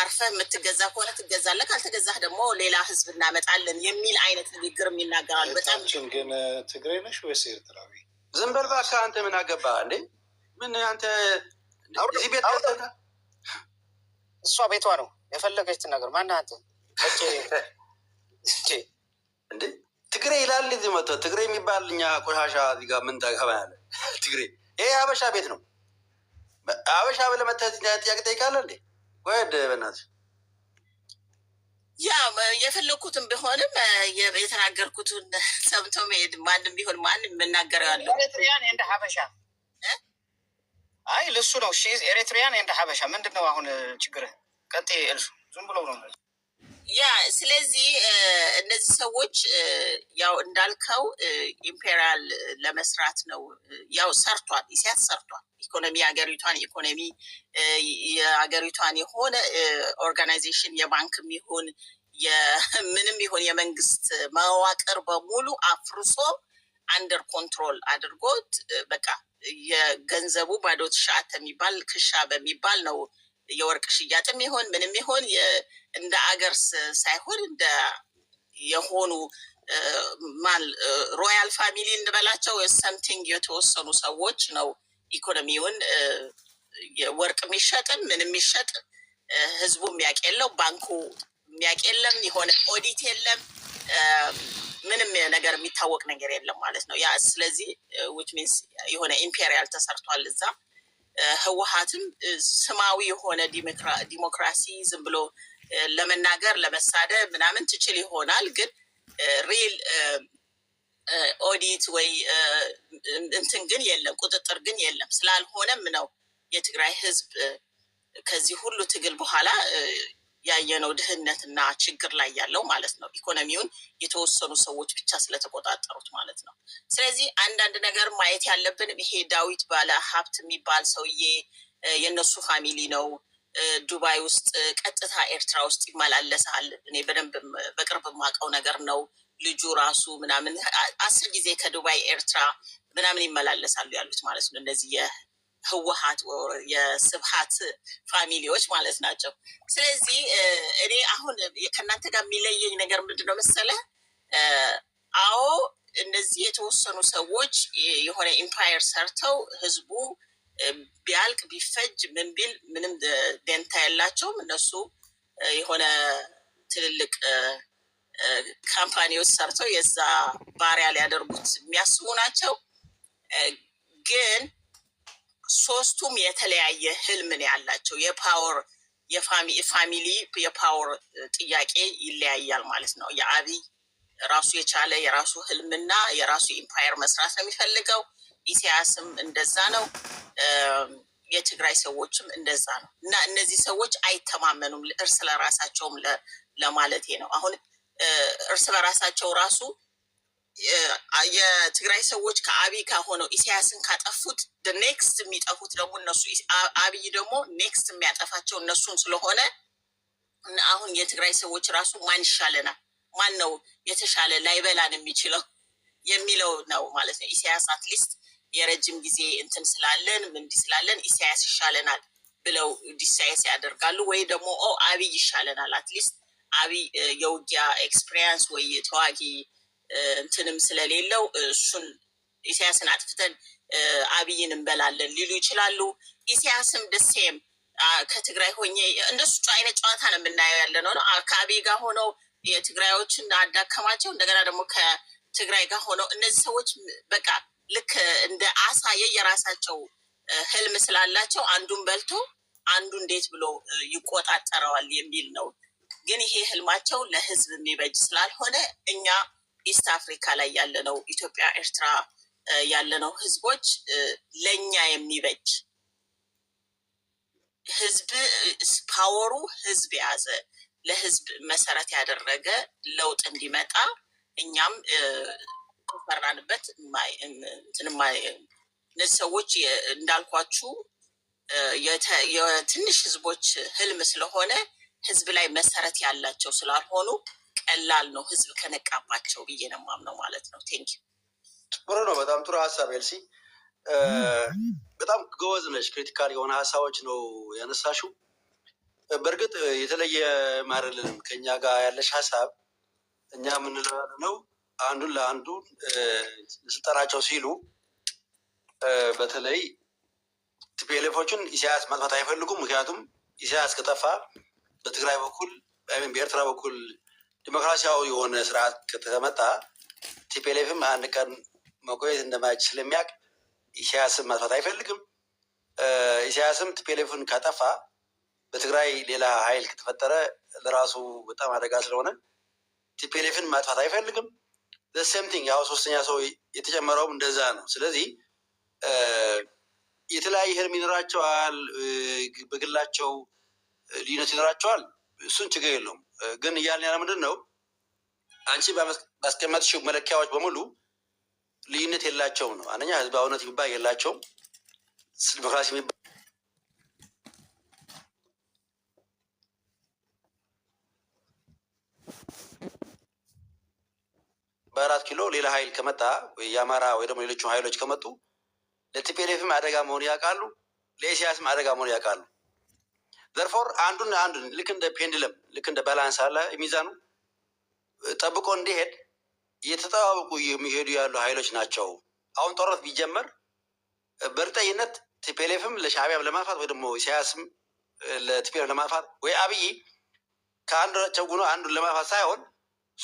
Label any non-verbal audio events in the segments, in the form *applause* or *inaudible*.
አርፈ የምትገዛ ከሆነ ትገዛለህ፣ ካልተገዛህ ደግሞ ሌላ ህዝብ እናመጣለን የሚል አይነት ንግግር ይናገራሉ። በጣም ግን ትግሬ ነሽ ወይስ ኤርትራዊ? ዝም በል እባክህ አንተ ምን አገባ እንዴ? ምን አንተ እዚህ ቤት እሷ ቤቷ ነው የፈለገች ነገር ማነህ አንተ እንዴ? ትግሬ ይላል እዚህ መጥቶ ትግሬ የሚባል እኛ ቆሻሻ እዚህ ጋር ምን ታገባያለ? ትግሬ ይሄ ሀበሻ ቤት ነው። ሀበሻ ብለህ መተህ ጥያቄ ጠይቃለህ እንዴ? ወደ በናት ያ የፈለግኩትን ቢሆንም የተናገርኩትን ሰምቶ መሄድ ማንም ቢሆን ማንም የምናገረው ያለው ኤሪትሪያን እንደ ሀበሻ አይ ልሱ ነው። ኤሪትሪያን እንደ ሀበሻ ምንድን ነው አሁን ችግር? ቀጤ እልሱ ዝም ብሎ ነው ያ ስለዚህ እነዚህ ሰዎች ያው እንዳልከው ኢምፔሪያል ለመስራት ነው። ያው ሰርቷል፣ ኢሳያስ ሰርቷል። ኢኮኖሚ የሀገሪቷን ኢኮኖሚ የሀገሪቷን የሆነ ኦርጋናይዜሽን የባንክም ይሁን *laughs* ምንም ይሁን የመንግስት መዋቅር በሙሉ አፍርሶ አንደር ኮንትሮል አድርጎት በቃ የገንዘቡ ባዶ ትሻት የሚባል ክሻ በሚባል ነው የወርቅ ሽያጥም ይሁን ምንም ይሁን እንደ አገር ሳይሆን እንደ የሆኑ ማን ሮያል ፋሚሊ እንበላቸው ሰምቲንግ የተወሰኑ ሰዎች ነው ኢኮኖሚውን ወርቅ የሚሸጥም ምን የሚሸጥ ህዝቡ የሚያውቅ የለው፣ ባንኩ የሚያውቅ የለም፣ የሆነ ኦዲት የለም፣ ምንም ነገር የሚታወቅ ነገር የለም ማለት ነው። ያ ስለዚህ ዊች ሚንስ የሆነ ኢምፔሪያል ተሰርቷል እዛ። ህወሀትም ስማዊ የሆነ ዲሞክራሲ ዝም ብሎ ለመናገር ለመሳደብ ምናምን ትችል ይሆናል ግን ሪል ኦዲት ወይ እንትን ግን የለም፣ ቁጥጥር ግን የለም። ስላልሆነም ነው የትግራይ ህዝብ ከዚህ ሁሉ ትግል በኋላ ያየነው ድህነትና ችግር ላይ ያለው ማለት ነው። ኢኮኖሚውን የተወሰኑ ሰዎች ብቻ ስለተቆጣጠሩት ማለት ነው። ስለዚህ አንዳንድ ነገር ማየት ያለብን ይሄ ዳዊት ባለ ሀብት የሚባል ሰውዬ የእነሱ ፋሚሊ ነው ዱባይ ውስጥ ቀጥታ ኤርትራ ውስጥ ይመላለሳል። እኔ በደንብ በቅርብ የማውቀው ነገር ነው። ልጁ ራሱ ምናምን አስር ጊዜ ከዱባይ ኤርትራ ምናምን ይመላለሳሉ ያሉት ማለት ነው። እነዚህ የህወሀት የስብሀት ፋሚሊዎች ማለት ናቸው። ስለዚህ እኔ አሁን ከእናንተ ጋር የሚለየኝ ነገር ምንድን ነው አዎ እነዚህ የተወሰኑ ሰዎች የሆነ ኢምፓየር ሰርተው ህዝቡ ቢያልቅ ቢፈጅ ምን ቢል ምንም ደንታ የላቸውም። እነሱ የሆነ ትልልቅ ካምፓኒዎች ሰርተው የዛ ባሪያ ሊያደርጉት የሚያስቡ ናቸው። ግን ሶስቱም የተለያየ ህልምን ያላቸው የፓወር የፋሚሊ የፓወር ጥያቄ ይለያያል ማለት ነው። የአብይ ራሱ የቻለ የራሱ ህልምና የራሱ ኢምፓየር መስራት ነው የሚፈልገው። ኢሳያስም እንደዛ ነው። የትግራይ ሰዎችም እንደዛ ነው እና እነዚህ ሰዎች አይተማመኑም እርስ ለራሳቸውም ለማለት ነው። አሁን እርስ በራሳቸው ራሱ የትግራይ ሰዎች ከአብይ ከሆነው ኢሳያስን ካጠፉት ኔክስት የሚጠፉት ደግሞ እነሱ አብይ ደግሞ ኔክስት የሚያጠፋቸው እነሱን ስለሆነ አሁን የትግራይ ሰዎች ራሱ ማን ይሻለናል፣ ማን ነው የተሻለ ላይበላን የሚችለው የሚለው ነው ማለት ነው ኢሳያስ አትሊስት የረጅም ጊዜ እንትን ስላለን ምንዲ ስላለን ኢሳያስ ይሻለናል ብለው ዲሳይስ ያደርጋሉ። ወይ ደግሞ ኦ አብይ ይሻለናል አትሊስት አብይ የውጊያ ኤክስፒሪየንስ ወይ ተዋጊ እንትንም ስለሌለው እሱን ኢሳያስን አጥፍተን አብይን እንበላለን ሊሉ ይችላሉ። ኢሳያስም ደሴም ከትግራይ ሆኜ እንደሱ አይነት ጨዋታ ነው የምናየው ያለ ነው። ከአብይ ጋር ሆነው የትግራዮችን አዳከማቸው። እንደገና ደግሞ ከትግራይ ጋር ሆነው እነዚህ ሰዎች በቃ ልክ እንደ አሳ የየራሳቸው ህልም ስላላቸው አንዱን በልቶ አንዱ እንዴት ብሎ ይቆጣጠረዋል የሚል ነው። ግን ይሄ ህልማቸው ለህዝብ የሚበጅ ስላልሆነ እኛ ኢስት አፍሪካ ላይ ያለነው ኢትዮጵያ፣ ኤርትራ ያለነው ህዝቦች ለእኛ የሚበጅ ህዝብ ፓወሩ ህዝብ የያዘ ለህዝብ መሰረት ያደረገ ለውጥ እንዲመጣ እኛም ሰራንበት እነዚህ ሰዎች እንዳልኳችሁ የትንሽ ህዝቦች ህልም ስለሆነ ህዝብ ላይ መሰረት ያላቸው ስላልሆኑ ቀላል ነው ህዝብ ከነቃባቸው ብዬ ነው የማምነው ማለት ነው። ቴንክ ጥሩ ነው። በጣም ጥሩ ሀሳብ ኤልሲ፣ በጣም ጎበዝ ነች። ክሪቲካል የሆነ ሀሳቦች ነው ያነሳሽው። በእርግጥ የተለየ ማረልንም ከኛ ጋር ያለሽ ሀሳብ እኛ የምንለው ነው አንዱን ለአንዱ ስጠራቸው ሲሉ በተለይ ቲፒኤልኤፎችን ኢሳያስ ማጥፋት አይፈልጉም። ምክንያቱም ኢሳያስ ከጠፋ በትግራይ በኩል በኤርትራ በኩል ዲሞክራሲያዊ የሆነ ስርዓት ከተመጣ ቲፒኤልኤፍም አንድ ቀን መቆየት እንደማይችል ስለሚያውቅ ኢሳያስን ማጥፋት አይፈልግም። ኢሳያስም ቲፒኤልኤፍን ካጠፋ በትግራይ ሌላ ኃይል ከተፈጠረ ለራሱ በጣም አደጋ ስለሆነ ቲፒኤልኤፍን ማጥፋት አይፈልግም። ሴምቲንግ ያው ሶስተኛ ሰው የተጨመረውም እንደዛ ነው። ስለዚህ የተለያየ ህልም ይኖራቸዋል፣ በግላቸው ልዩነት ይኖራቸዋል። እሱን ችግር የለውም። ግን እያልን ያለ ምንድን ነው አንቺ ባስቀመጥሽው መለኪያዎች በሙሉ ልዩነት የላቸውም ነው። አንደኛ ህዝባዊነት የሚባል የላቸውም። ዲሞክራሲ የሚባል በአራት ኪሎ ሌላ ሀይል ከመጣ የአማራ ወይ ደግሞ ሌሎቹ ሀይሎች ከመጡ ለቲፒኤልኤፍም አደጋ መሆን ያውቃሉ፣ ለኢሲያስም አደጋ መሆን ያውቃሉ። ዘርፎር አንዱን አንዱን ልክ እንደ ፔንድለም ልክ እንደ ባላንስ አለ የሚዛኑ ጠብቆ እንዲሄድ እየተጠባበቁ የሚሄዱ ያሉ ሀይሎች ናቸው። አሁን ጦርነት ቢጀመር በእርግጠኝነት ቲፒኤልኤፍም ለሻዕቢያም ለማጥፋት ወይ ደግሞ ኢሳያስም ለቲፒኤልኤፍ ለማጥፋት ወይ አብይ ከአንዱ ቸጉኖ አንዱን ለማጥፋት ሳይሆን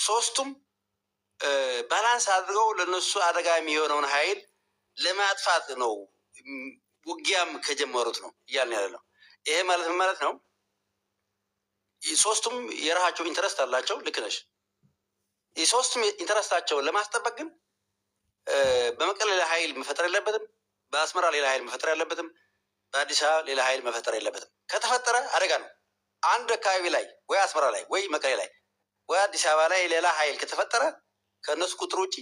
ሶስቱም ባላንስ አድርገው ለነሱ አደጋ የሚሆነውን ሀይል ለማጥፋት ነው ውጊያም ከጀመሩት ነው እያልን ያለ ነው። ይሄ ማለት ምን ማለት ነው? ሶስቱም የራሳቸው ኢንተረስት አላቸው። ልክ ነሽ። የሶስቱም ኢንተረስታቸውን ለማስጠበቅ ግን በመቀሌ ሌላ ሀይል መፈጠር የለበትም። በአስመራ ሌላ ሀይል መፈጠር የለበትም። በአዲስ አበባ ሌላ ሀይል መፈጠር የለበትም። ከተፈጠረ አደጋ ነው። አንድ አካባቢ ላይ ወይ አስመራ ላይ ወይ መቀሌ ላይ ወይ አዲስ አበባ ላይ ሌላ ሀይል ከተፈጠረ ከእነሱ ቁጥር ውጭ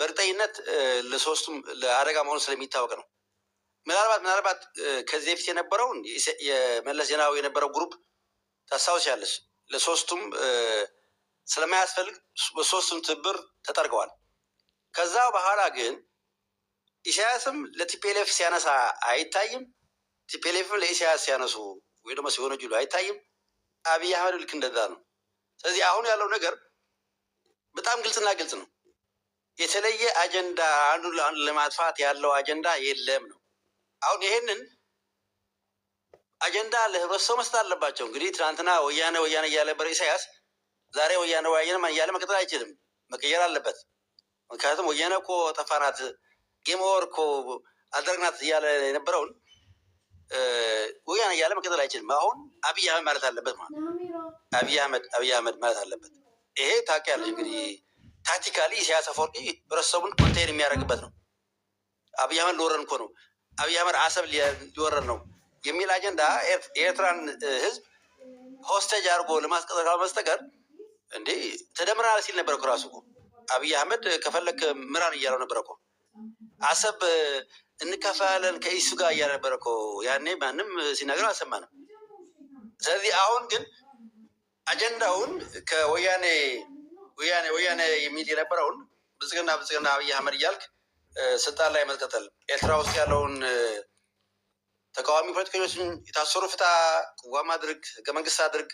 በእርግጠኝነት ለሶስቱም ለአደጋ መሆኑ ስለሚታወቅ ነው። ምናልባት ምናልባት ከዚህ በፊት የነበረውን የመለስ ዜናዊ የነበረው ግሩፕ ታስታውሻለች። ለሶስቱም ስለማያስፈልግ በሶስቱም ትብብር ተጠርገዋል። ከዛ በኋላ ግን ኢሳያስም ለቲፒኤልኤፍ ሲያነሳ አይታይም። ቲፒኤልኤፍም ለኢሳያስ ሲያነሱ ወይ ደግሞ ሲሆነ ጅሉ አይታይም። አብይ አህመድ ልክ እንደዛ ነው። ስለዚህ አሁን ያለው ነገር በጣም ግልጽና ግልጽ ነው። የተለየ አጀንዳ አንዱ ለአንዱ ለማጥፋት ያለው አጀንዳ የለም ነው። አሁን ይሄንን አጀንዳ ለህብረተሰቡ መስጠት አለባቸው። እንግዲህ ትናንትና ወያነ ወያነ እያለ ነበር ኢሳያስ፣ ዛሬ ወያነ ወያነ እያለ መቀጠል አይችልም፣ መቀየር አለበት። ምክንያቱም ወያነ እኮ ጠፋናት፣ ጌም ኦቨር እኮ አደረግናት እያለ የነበረውን ወያነ እያለ መቀጠል አይችልም። አሁን አብይ አህመድ ማለት አለበት ማለት አብይ አህመድ አብይ አህመድ ማለት አለበት። ይሄ ታውቂያለሽ እንግዲህ ታክቲካሊ ኢሳያስ አፈወርቂ ህብረተሰቡን ኮንቴን የሚያደርግበት ነው። አብይ አህመድ ሊወረን እኮ ነው፣ አብይ አህመድ አሰብ ሊወረን ነው የሚል አጀንዳ የኤርትራን ህዝብ ሆስቴጅ አድርጎ ለማስቀጠል ካልመስጠቀር እንዲህ ተደምረናል ሲል ነበር እኮ ራሱ እኮ አብይ አህመድ ከፈለክ ምራን እያለው ነበር እኮ አሰብ እንከፋለን ከኢሱ ጋር እያለ ነበር እኮ ያኔ ማንም ሲናገር አልሰማንም። ስለዚህ አሁን ግን አጀንዳውን ከወያኔ ወያኔ ወያኔ የሚል የነበረውን ብልጽግና ብልጽግና አብይ አህመድ እያልክ ስልጣን ላይ መጥቀጠል ኤርትራ ውስጥ ያለውን ተቃዋሚ ፖለቲከኞችን የታሰሩ ፍታ፣ ቅዋም አድርግ፣ ህገ መንግስት አድርግ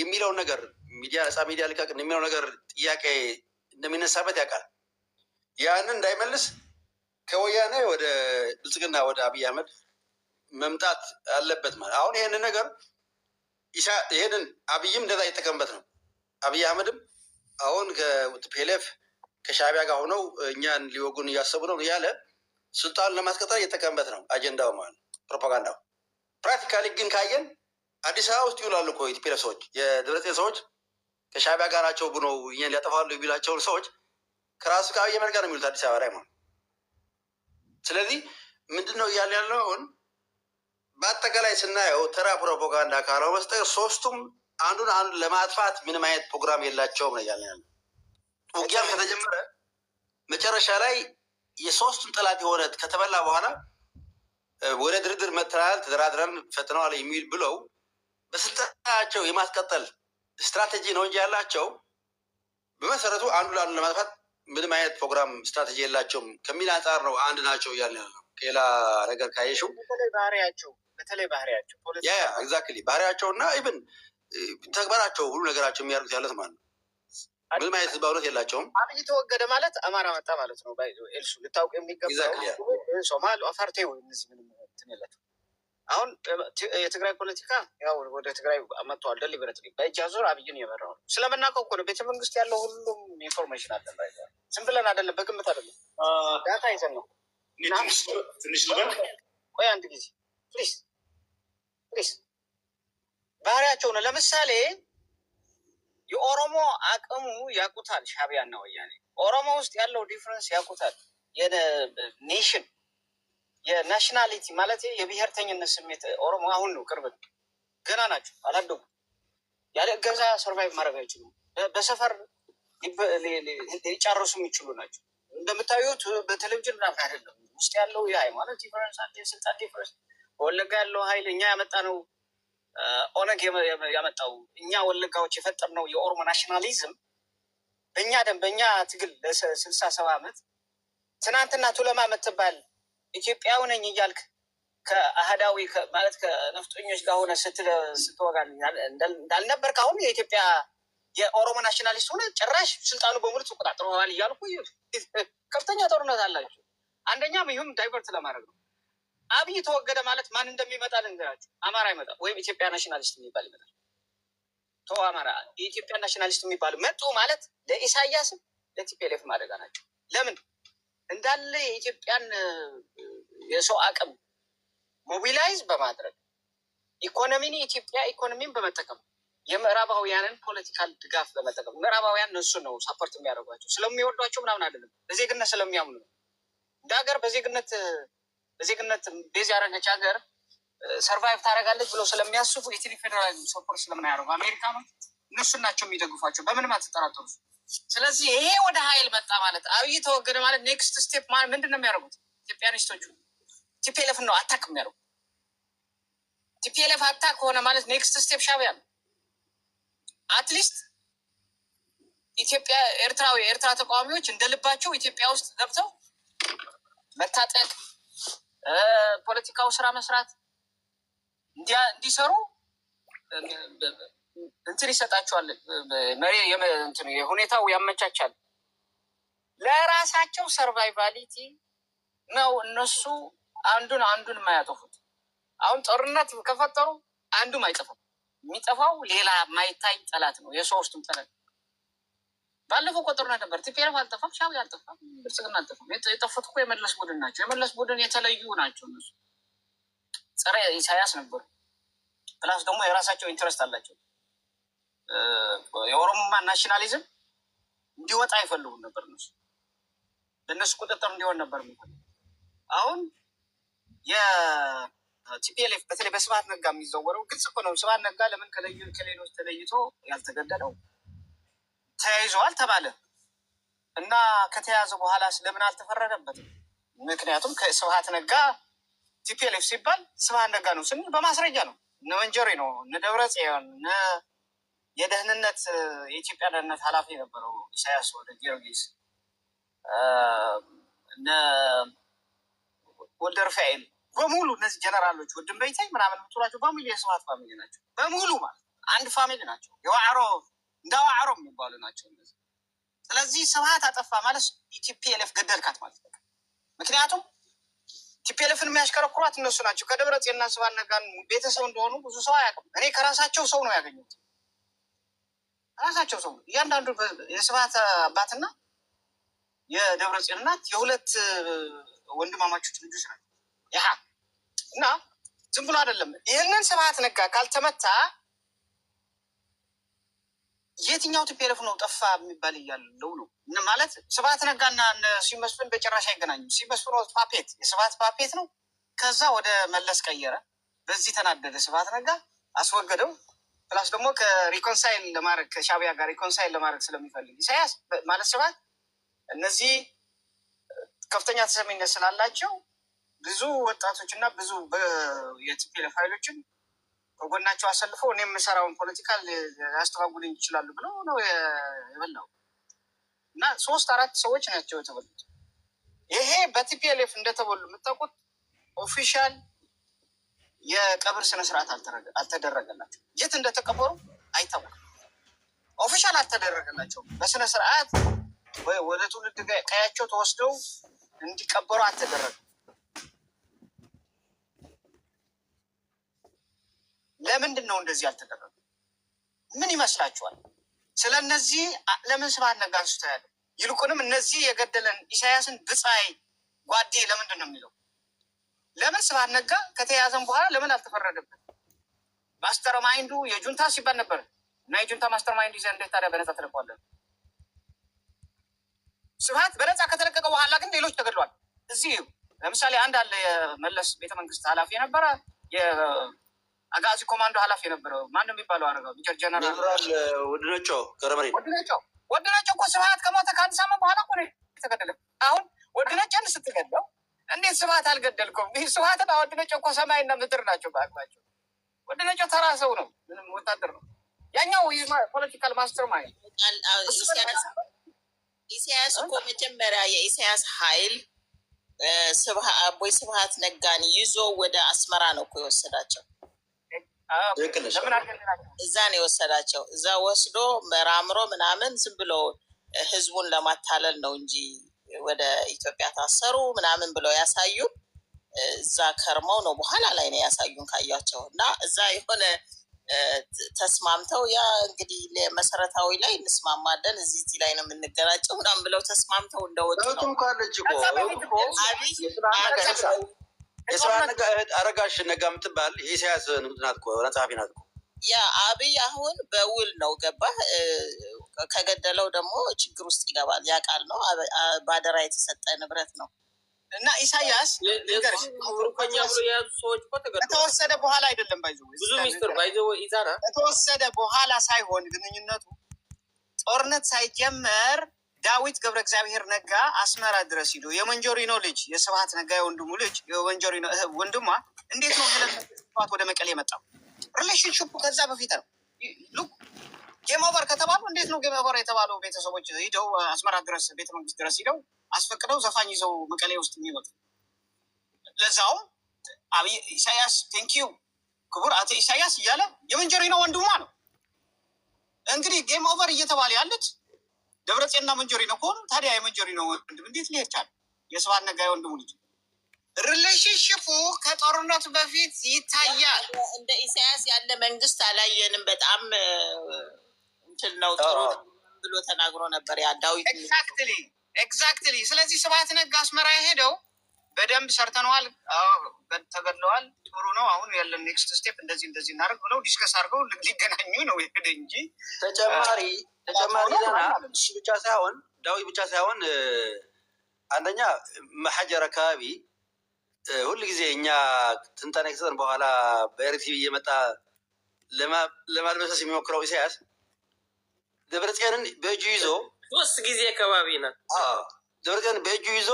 የሚለው ነገር ሚዲያ ነፃ ሚዲያ ልቀቅ የሚለው ነገር ጥያቄ እንደሚነሳበት ያውቃል። ያንን እንዳይመልስ ከወያኔ ወደ ብልጽግና ወደ አብይ አህመድ መምጣት አለበት ማለት አሁን ይህንን ነገር ይሄንን አብይም እንደዛ እየተጠቀምበት ነው። አብይ አህመድም አሁን ከቲፒኤልኤፍ ከሻቢያ ጋር ሆነው እኛን ሊወጉን እያሰቡ ነው እያለ ስልጣን ለማስቀጠል እየተጠቀምበት ነው። አጀንዳው ማለት ፕሮፓጋንዳው። ፕራክቲካሊ ግን ካየን አዲስ አበባ ውስጥ ይውላሉ እኮ የቲፒኤልኤፍ ሰዎች፣ የደብረጽዮን ሰዎች ከሻቢያ ጋር ናቸው ብሎ እኛን ሊያጠፋሉ የሚላቸውን ሰዎች ከራሱ ከአብይ አህመድ ጋር ነው የሚሉት አዲስ አበባ ላይ ማለት። ስለዚህ ምንድን ነው እያለ ያለው አሁን በአጠቃላይ ስናየው ተራ ፕሮፓጋንዳ ካለው በስተቀር ሶስቱም አንዱን አንዱን ለማጥፋት ምንም አይነት ፕሮግራም የላቸውም ነው እያለ ያለ። ውጊያም ከተጀመረ መጨረሻ ላይ የሶስቱም ጠላት የሆነ ከተበላ በኋላ ወደ ድርድር መተናል ተደራድረን ፈትነዋል የሚል ብለው በስልጠናቸው የማስቀጠል ስትራቴጂ ነው እንጂ ያላቸው በመሰረቱ አንዱ ለአንዱ ለማጥፋት ምንም አይነት ፕሮግራም ስትራቴጂ የላቸውም ከሚል አንጻር ነው አንድ ናቸው እያለ ያለ። ሌላ ነገር ካየሽው ባህሪያቸው በተለይ ባህሪያቸው ኤግዛክትሊ ባህሪያቸው እና ኢቭን eh, ተግባራቸው ሁሉ ነገራቸው የሚያደርጉት ያለት ማለት ነው። ምንም አይነት ህዝባዊነት የላቸውም። አብይ ተወገደ ማለት አማራ መጣ ማለት ነው። ኤልሱ ልታውቅ የሚገባው ሶማል አፋርቴ ወይ እነዚህ ምንም የለት። አሁን የትግራይ ፖለቲካ ያው ወደ ትግራይ መጥተዋል። ደሊበረት በእጃ ዙር አብይን የመራው ስለምናውቀው እኮ ነው። ቤተ መንግስት ያለው ሁሉም ኢንፎርሜሽን አለ። ዝም ብለን አይደለም፣ በግምት አይደለም፣ ዳታ ይዘን ነው። ትንሽ ልበል፣ ቆይ አንድ ጊዜ ፕሊስ ፕሊስ ባህሪያቸው ነው። ለምሳሌ የኦሮሞ አቅሙ ያውቁታል። ሻዕቢያና ወያኔ ኦሮሞ ውስጥ ያለው ዲፍረንስ ያውቁታል። የኔሽን የናሽናሊቲ ማለት የብሔርተኝነት ስሜት ኦሮሞ አሁን ነው ቅርብ ገና ናቸው፣ አላደጉ ያለ እገዛ ሰርቫይቭ ማድረግ አይችሉም። በሰፈር ሊጨርሱ የሚችሉ ናቸው። እንደምታዩት በቴሌቪዥን ምናምን አይደለም። ውስጥ ያለው የሃይማኖት ዲፈረንስ አለ፣ የስልጣን ዲፈረንስ ወለጋ ያለው ሀይል እኛ ነው ኦነግ ያመጣው እኛ ወለጋዎች የፈጠርነው የኦሮሞ ናሽናሊዝም በእኛ ደም በእኛ ትግል ለስልሳ ሰባ ዓመት ትናንትና ቱለማ የምትባል ኢትዮጵያዊ ነኝ እያልክ ከአህዳዊ ማለት ከነፍጠኞች ጋር ሆነ ስትወጋ እንዳልነበር አሁን የኢትዮጵያ የኦሮሞ ናሽናሊስት ሆነ ጭራሽ ስልጣኑ በሙሉ ተቆጣጥረዋል እያልኩ ከፍተኛ ጦርነት አላቸው። አንደኛም ይሁም ዳይቨርት ለማድረግ ነው። አብይ ተወገደ ማለት ማን እንደሚመጣ ልንገራችሁ። አማራ ይመጣል ወይም ኢትዮጵያ ናሽናሊስት የሚባል ይመጣል። ቶ አማራ የኢትዮጵያ ናሽናሊስት የሚባሉ መጡ ማለት ለኢሳያስም ለቲፒኤልኤፍም አደጋ ናቸው። ለምን እንዳለ የኢትዮጵያን የሰው አቅም ሞቢላይዝ በማድረግ ኢኮኖሚን የኢትዮጵያ ኢኮኖሚን በመጠቀም የምዕራባውያንን ፖለቲካል ድጋፍ በመጠቀም ምዕራባውያን እሱን ነው ሳፖርት የሚያደርጓቸው ስለሚወዷቸው ምናምን አይደለም፣ በዜግነት ስለሚያምኑ ነው። እንደ ሀገር በዜግነት በዜግነት ቤዝ ያደረገች ሀገር ሰርቫይቭ ታደርጋለች ብለው ስለሚያስቡ የትኒ ፌደራል ሰፖርት ስለምን ያደርጉ አሜሪካኖች እነሱን ናቸው የሚደግፏቸው። በምንም አትጠራጠሩ። ስለዚህ ይሄ ወደ ሀይል መጣ ማለት አብይ ተወገደ ማለት ኔክስት ስቴፕ ምንድን ነው የሚያደርጉት? ኢትዮጵያኒስቶቹ ቲፒኤልኤፍ ነው አታክ የሚያደርጉ ቲፒኤልኤፍ አታክ ከሆነ ማለት ኔክስት ስቴፕ ሻቢያ ነው። አትሊስት ኢትዮጵያ ኤርትራዊ የኤርትራ ተቃዋሚዎች እንደልባቸው ኢትዮጵያ ውስጥ ገብተው መታጠቅ ፖለቲካው ስራ መስራት እንዲሰሩ እንትን ይሰጣቸዋል። ሁኔታው ያመቻቻል። ለራሳቸው ሰርቫይቫሊቲ ነው እነሱ አንዱን አንዱን የማያጠፉት። አሁን ጦርነት ከፈጠሩ አንዱም አይጠፋም። የሚጠፋው ሌላ ማይታይ ጠላት ነው፣ የሶስቱም ጠላት ባለፈው ቆጥርና ነበር። ቲፒኤልፍ አልጠፋም፣ ሻው አልጠፋም፣ ብልጽግና አልጠፋም። የጠፉት እኮ የመለስ ቡድን ናቸው። የመለስ ቡድን የተለዩ ናቸው። እነሱ ጸረ ኢሳያስ ነበሩ። ፕላስ ደግሞ የራሳቸው ኢንትረስት አላቸው። የኦሮሞማ ናሽናሊዝም እንዲወጣ አይፈልጉም ነበር እነሱ። ለእነሱ ቁጥጥር እንዲሆን ነበር አሁን የቲፒኤልፍ በተለይ በስብሀት ነጋ የሚዘወረው ግልጽ እኮ ነው። ስብሀት ነጋ ለምን ከሌሎች ተለይቶ ያልተገደለው ተያይዘዋል ተባለ እና ከተያዘ በኋላ ስለምን አልተፈረደበትም? ምክንያቱም ከስብሀት ነጋ ቲፒኤልኤፍ ሲባል ስብሀት ነጋ ነው ስንል በማስረጃ ነው። እነ ወንጀሪ ነው፣ እነ ደብረ ጽዮን፣ እነ የደህንነት የኢትዮጵያ ደህንነት ኃላፊ የነበረው ኢሳያስ ወደ ጊዮርጊስ እነ ወልደ ርፋኤል በሙሉ እነዚህ ጀነራሎች በይታይ ምናምን ምትሏቸው በሙሉ የስብሀት ፋሚሊ ናቸው። በሙሉ ማለት አንድ ፋሚሊ ናቸው የዋዕሮ እንደ አሮም የሚባሉ ናቸው እነዚህ። ስለዚህ ስብሀት አጠፋ ማለት ቲፒኤልኤፍ ገደልካት ማለት ነው። ምክንያቱም ቲፒኤልኤፍን የሚያሽከረኩሯት እነሱ ናቸው። ከደብረ ጽዮንና ስብሀት ነጋ ቤተሰብ እንደሆኑ ብዙ ሰው አያውቅም። እኔ ከራሳቸው ሰው ነው ያገኙት። ራሳቸው ሰው እያንዳንዱ የስብሀት አባትና የደብረ ጽዮን እናት የሁለት ወንድማማቾች ልጆች ናቸው። ያ እና ዝም ብሎ አይደለም። ይህንን ስብሀት ነጋ ካልተመታ የትኛው ቲፒኤልኤፍ ነው ጠፋ የሚባል እያለው ነው ማለት ስብሐት ነጋና ሲመስፍን በጭራሽ አይገናኙም። ሲመስፍን ፓፔት የስብሐት ፓፔት ነው። ከዛ ወደ መለስ ቀየረ። በዚህ ተናደደ ስብሐት ነጋ አስወገደው። ፕላስ ደግሞ ከሪኮንሳይል ለማድረግ ከሻቢያ ጋር ሪኮንሳይል ለማድረግ ስለሚፈልግ ኢሳያስ ማለት ስብሐት እነዚህ ከፍተኛ ተሰሚነት ስላላቸው ብዙ ወጣቶች እና ብዙ የቲፒኤልኤፍ ኃይሎችን ከጎናቸው አሰልፎ እኔ የምሰራውን ፖለቲካ ያስተጓጉለኝ ይችላሉ ብለው ነው የበላው እና ሶስት አራት ሰዎች ናቸው የተበሉት። ይሄ በቲፒኤልኤፍ እንደተበሉ የምታውቁት ኦፊሻል የቀብር ስነስርዓት አልተደረገላቸው። የት እንደተቀበሩ አይታወቅም። ኦፊሻል አልተደረገላቸው በስነስርዓት ወደ ትውልድ ቀያቸው ተወስደው እንዲቀበሩ አልተደረገም። ለምንድን ነው እንደዚህ ያልተደረገ? ምን ይመስላችኋል? ስለ እነዚህ ለምን ስብሐት ነጋ ተያለ። ይልቁንም እነዚህ የገደለን ኢሳያስን ብጻይ ጓዴ ለምንድን ነው የሚለው? ለምን ስብሐት ነጋ ከተያዘን በኋላ ለምን አልተፈረደበት? ማስተር ማይንዱ የጁንታ ሲባል ነበር እና የጁንታ ማስተር ማይንዱ ይዘ እንዴት ታዲያ በነፃ ተለቀዋለን? ስብሀት በነፃ ከተለቀቀ በኋላ ግን ሌሎች ተገድሏል። እዚህ ለምሳሌ አንድ አለ የመለስ ቤተመንግስት ኃላፊ የነበረ አጋዚ ኮማንዶ ኃላፊ የነበረው ማን የሚባለው አረጋው ሜጀር ጀነራል ወድነጮ ገረመሬ ወድነጮ ወድነጮ እኮ ስብሀት ከሞተ ከአንድ ሳምንት በኋላ እኮ ነው የተገደለ። አሁን ወድነጮን ስትገለው እንዴት ስብሀት አልገደልኩም? ይህ ስብሀትና ወድነጮ እኮ ሰማይና ምድር ናቸው በአቅማቸው። ወድነጮ ተራ ሰው ነው፣ ምንም ወታደር ነው። ያኛው ፖለቲካል ማስተር ማይንድ ኢሳያስ እኮ መጀመሪያ የኢሳያስ ሀይል ቦይ ስብሀት ነጋን ይዞ ወደ አስመራ ነው እኮ የወሰዳቸው እዛ ነው የወሰዳቸው። እዛ ወስዶ መራምሮ ምናምን ዝም ብሎ ህዝቡን ለማታለል ነው እንጂ ወደ ኢትዮጵያ ታሰሩ ምናምን ብለው ያሳዩን እዛ ከርመው ነው በኋላ ላይ ነው ያሳዩን ካያቸው እና እዛ የሆነ ተስማምተው ያ እንግዲህ መሰረታዊ ላይ እንስማማለን እዚህ እዚህ ላይ ነው የምንገናጨው ምናምን ብለው ተስማምተው እንደወጡ ነው። የስራ አረጋሽ ነጋ የምትባል የኢሳያስ ናት እኮ ጸሐፊ ናት እኮ። ያ አብይ አሁን በውል ነው ገባ። ከገደለው ደግሞ ችግር ውስጥ ይገባል። ያ ቃል ነው ባደራ የተሰጠ ንብረት ነው እና ኢሳያስ የያዙ ሰዎች ከተወሰደ በኋላ አይደለም ብዙ ሚስጥር ከተወሰደ በኋላ ሳይሆን ግንኙነቱ ጦርነት ሳይጀመር ዳዊት ገብረ እግዚአብሔር ነጋ አስመራ ድረስ ሂዶ የመንጆሪኖ ልጅ የስብሀት ነጋ የወንድሙ ልጅ የመንጆሪኖ ወንድሟ እንዴት ነው ስብሀት ወደ መቀሌ የመጣው? ሪሌሽንሽፑ ከዛ በፊት ነው። ጌም ኦቨር ከተባሉ እንዴት ነው ጌም ኦቨር የተባሉ ቤተሰቦች ሂደው አስመራ ድረስ ቤተ መንግስት ድረስ ሂደው አስፈቅደው ዘፋኝ ይዘው መቀሌ ውስጥ የሚመጡ? ለዛውም አብይ ኢሳያስ ቴንኪዩ ክቡር አቶ ኢሳያስ እያለ የመንጆሪኖ ወንድሟ ነው። እንግዲህ ጌም ኦቨር እየተባለ ያለች ደብረጽዮንና መንጆሪ ነው ከሆኑ ታዲያ የመንጆሪ ነው ወንድም እንዴት ሊሄድ ቻለ? የስብሃት ነጋ ወንድሙ ልጅ ሪሌሽንሽፉ ከጦርነቱ በፊት ይታያል። እንደ ኢሳያስ ያለ መንግስት አላየንም። በጣም እንትን ነው ጥሩ ብሎ ተናግሮ ነበር ያ ዳዊት። ኤግዛክትሊ ኤግዛክትሊ። ስለዚህ ሰባት ነጋ አስመራ የሄደው በደንብ ሰርተነዋል፣ ተገድለዋል ጥሩ ነው፣ አሁን ያለን ኔክስት ስቴፕ እንደዚህ እንደዚህ እናደርግ ብለው ዲስከስ አድርገው ሊገናኙ ነው የሄደ እንጂ ተጨማሪ ተጨማሪ እሱ ብቻ ሳይሆን ዳዊ ብቻ ሳይሆን አንደኛ መሐጀር አካባቢ ሁል ጊዜ እኛ ትንታኔ ከሰጠን በኋላ በኤርቲቪ እየመጣ ለማልበሰስ የሚሞክረው ኢሳያስ ደብረጽዮንን በእጁ ይዞ ሶስት ጊዜ አካባቢ ነው ደብረጽዮንን በእጁ ይዞ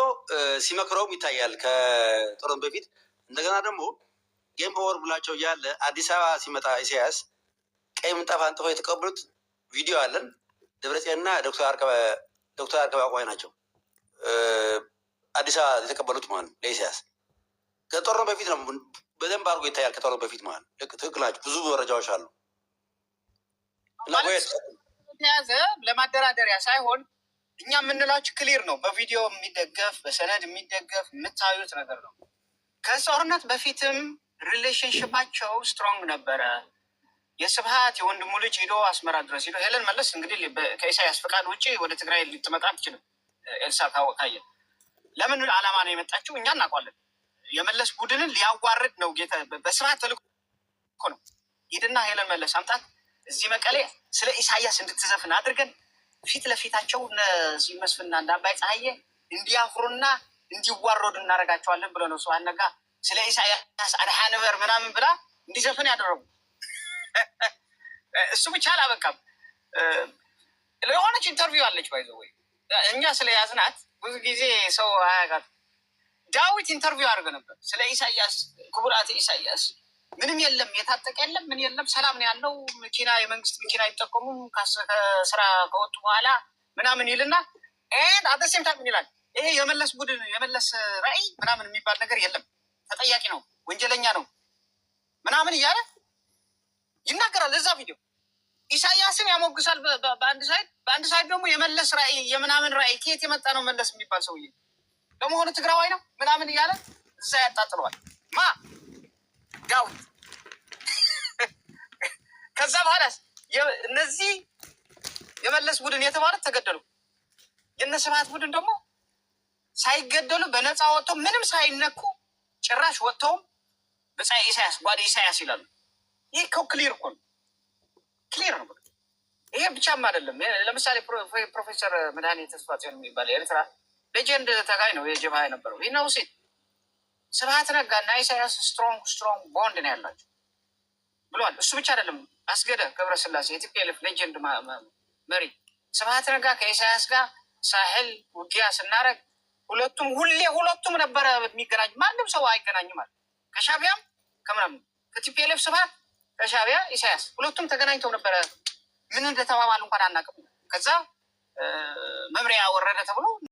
ሲመክረውም ይታያል ከጦርም በፊት እንደገና ደግሞ ጌም ኦቨር ብላቸው እያለ አዲስ አበባ ሲመጣ ኢሳያስ ቀይ ምንጣፍ አንጥፎ የተቀበሉት ቪዲዮ አለን። ደብረጽዮንና ዶክተር አርከበ አቋይ ናቸው አዲስ አበባ የተቀበሉት ማለት ነው። ለኢሳያስ ከጦርነው በፊት ነው፣ በደንብ አድርጎ ይታያል። ከጦርነው በፊት ማለት ትክክል ናቸው። ብዙ መረጃዎች አሉ። ተያዘ ለማደራደሪያ ሳይሆን እኛ የምንላችሁ ክሊር ነው። በቪዲዮ የሚደገፍ በሰነድ የሚደገፍ የምታዩት ነገር ነው። ከጦርነት በፊትም ሪሌሽንሽፓቸው ስትሮንግ ነበረ። የስብሀት የወንድሙ ልጅ ሂዶ አስመራ ድረስ ሂዶ ሄለን መለስ እንግዲህ ከኢሳያስ ፈቃድ ውጭ ወደ ትግራይ ልትመጣ አትችልም። ኤልሳ ካየ ለምን አላማ ነው የመጣችው? እኛ እናውቋለን። የመለስ ቡድንን ሊያዋርድ ነው። ጌታ በስብሀት ተልእኮ ነው። ሂድና ሄለን መለስ አምጣት እዚህ መቀሌ ስለ ኢሳያስ እንድትዘፍን አድርገን ፊት ለፊታቸው እነዚህ መስፍንና ፀሐዬ እንዲያፍሩና እንዲዋረዱ እናደርጋቸዋለን ብሎ ነው ሰው አነጋ ስለ ኢሳያስ አድሃ ነበር ምናምን ብላ እንዲዘፍን ያደረጉ። እሱ ብቻ አላበቃም። ለሆነች ኢንተርቪው አለች ባይዘ ወይ እኛ ስለ ያዝናት ብዙ ጊዜ ሰው አያጋት። ዳዊት ኢንተርቪው አድርገ ነበር ስለ ኢሳያስ ክቡራት ኢሳያስ ምንም የለም፣ የታጠቀ የለም፣ ምን የለም፣ ሰላም ነው ያለው። መኪና የመንግስት መኪና አይጠቀሙም ከስራ ከወጡ በኋላ ምናምን ይልና አደሴምታ ይላል ይሄ የመለስ ቡድን የመለስ ራዕይ ምናምን የሚባል ነገር የለም። ተጠያቂ ነው፣ ወንጀለኛ ነው ምናምን እያለ ይናገራል። እዛ ቪዲዮ ኢሳያስን ያሞግሳል በአንድ ሳይድ፣ በአንድ ሳይድ ደግሞ የመለስ ራዕይ የምናምን ራዕይ ከየት የመጣ ነው መለስ የሚባል ሰውዬ ለመሆኑ ትግራዋይ ነው ምናምን እያለ እዛ ያጣጥለዋል። ማ ዳዊት *laughs* ከዛ በኋላ እነዚህ የመለስ ቡድን የተባሉት ተገደሉ። የነ ቡድን ደግሞ ሳይገደሉ በነፃ ወጥቶ ምንም ሳይነኩ ጭራሽ ወጥተውም ኢሳያስ ጓደ ኢሳያስ ይላሉ። ይህ ከው ክሊር እኮ ነው፣ ክሊር ነው። ይሄ ብቻም አይደለም። ለምሳሌ ፕሮፌሰር ተስፋ ተስፋጽዮን የሚባል ኤርትራ ሌጀንድ ተጋይ ነው የጀማ የነበረው ይህ ነው ሴት ስብሀት ነጋ እና ኢሳያስ ስትሮንግ ስትሮንግ ቦንድ ነው ያላቸው ብለዋል። እሱ ብቻ አይደለም። አስገደ ገብረስላሴ ልፍ ሌጀንድ መሪ ስብሀት ነጋ ከኢሳያስ ጋር ሳህል ውጊያ ስናደርግ ሁለቱም ሁሌ ሁለቱም ነበረ የሚገናኝ ማንም ሰው አይገናኝ ማለት ከሻቢያም ከምናም ከቲፒኤልኤፍ ስብሀት ከሻቢያ ኢሳያስ ሁለቱም ተገናኝተው ነበረ። ምን እንደተባባሉ እንኳን አናውቅም። ከዛ መምሪያ ወረደ ተብሎ